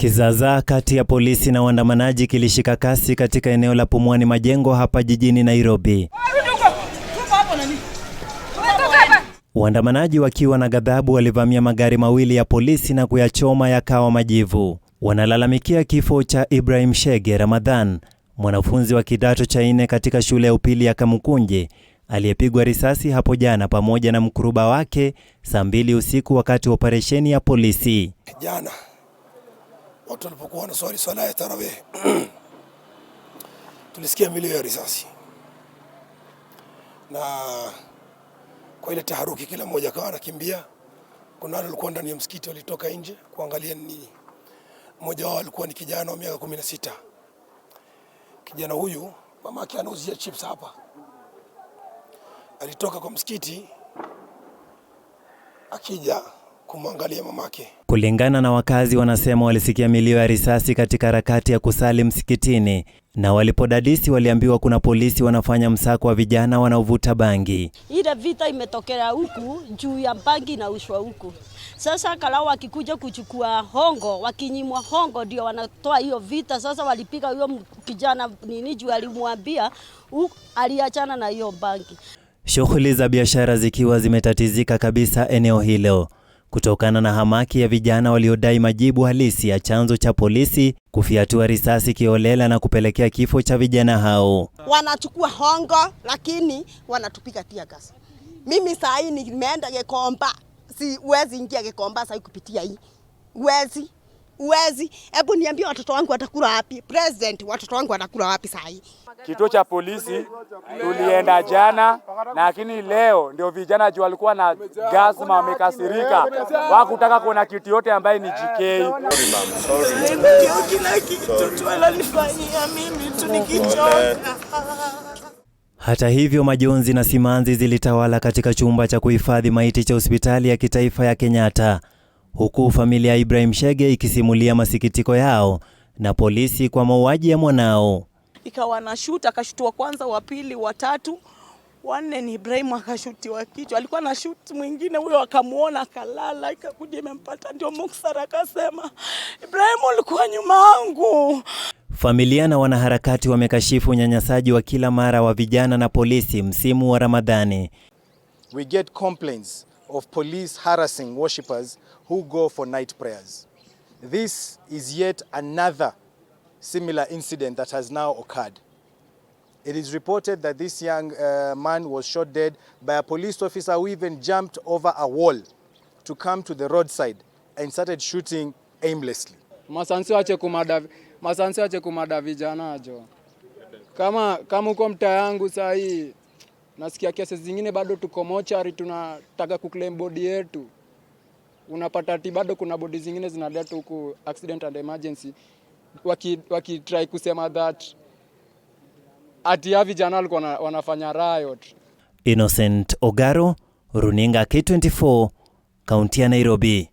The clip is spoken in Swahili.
Kizaazaa kati ya polisi na waandamanaji kilishika kasi katika eneo la Pumwani Majengo hapa jijini Nairobi. Waandamanaji wakiwa na ghadhabu walivamia magari mawili ya polisi na kuyachoma yakawa majivu. Wanalalamikia kifo cha Ibrahim Shege Ramadhan, mwanafunzi wa kidato cha nne katika shule ya upili ya Kamukunji aliyepigwa risasi hapo jana pamoja na mkuruba wake saa mbili usiku wakati wa operesheni ya polisi jana watu walipokuwa wanaswali swala ya tarawih tulisikia milio ya risasi na kwa ile taharuki, kila mmoja akawa anakimbia. Kuna wale walikuwa ndani ya msikiti walitoka nje kuangalia ni nini. Mmoja wao alikuwa ni kijana wa miaka kumi na sita. Kijana huyu mama yake anauzia chips hapa, alitoka kwa msikiti akija kumwangalia mamake. Kulingana na wakazi, wanasema walisikia milio ya risasi katika harakati ya kusali msikitini, na walipodadisi waliambiwa kuna polisi wanafanya msako wa vijana wanaovuta bangi. Ile vita imetokea huku juu ya bangi na ushwa huku. Sasa kala wakikuja kuchukua hongo, wakinyimwa hongo, ndio wanatoa hiyo vita. Sasa walipiga huyo kijana nini juu alimwambia aliachana na hiyo bangi. Shughuli za biashara zikiwa zimetatizika kabisa eneo hilo kutokana na hamaki ya vijana waliodai majibu halisi ya chanzo cha polisi kufyatua risasi kiolela na kupelekea kifo cha vijana hao. Wanachukua hongo lakini wanatupiga tia gas. Mimi saa hii nimeenda Gikomba, siwezi ingia Gikomba saa hii kupitia hii, huwezi uwezi. Hebu niambie watoto wangu watakula wapi? President, watoto wangu watakula wapi saa hii? Kituo cha polisi tulienda jana, lakini leo ndio vijana juu walikuwa na gazma, wamekasirika, wakutaka kuona kitu yote ambaye ni JK. Hata hivyo majonzi na simanzi zilitawala katika chumba cha kuhifadhi maiti cha hospitali ya kitaifa ya Kenyatta huku familia ya Ibrahim Chege ikisimulia masikitiko yao na polisi kwa mauaji ya mwanao. Ikawa na shoot, akashutiwa kwanza, wa pili, wa tatu, wanne ni Ibrahim akashutiwa kichwa. Alikuwa na shoot mwingine, huyo akamuona akalala, ikakuja imempata. Ndio Muksara akasema, Ibrahim ulikuwa nyuma yangu. Familia na wanaharakati wamekashifu unyanyasaji wa kila mara wa vijana na polisi msimu wa Ramadhani. We get complaints of police harassing worshippers who go for night prayers. This is yet another similar incident that has now occurred. It is reported that this young uh, man was shot dead by a police officer who even jumped over a wall to come to the roadside and started shooting aimlessly. Masansi wache kumada, masansi wache kumada vijana jo. Kama, kama uko mtaa yangu saa hii Nasikia kesi zingine bado tuko mochari, tunataka kuclaim bodi yetu. Unapata ati bado kuna bodi zingine zinaletwa huku accident and emergency, waki waki try kusema that ati ya vijana walikuwa wanafanya riot. Innocent Ogaro, Runinga K24, kaunti ya Nairobi.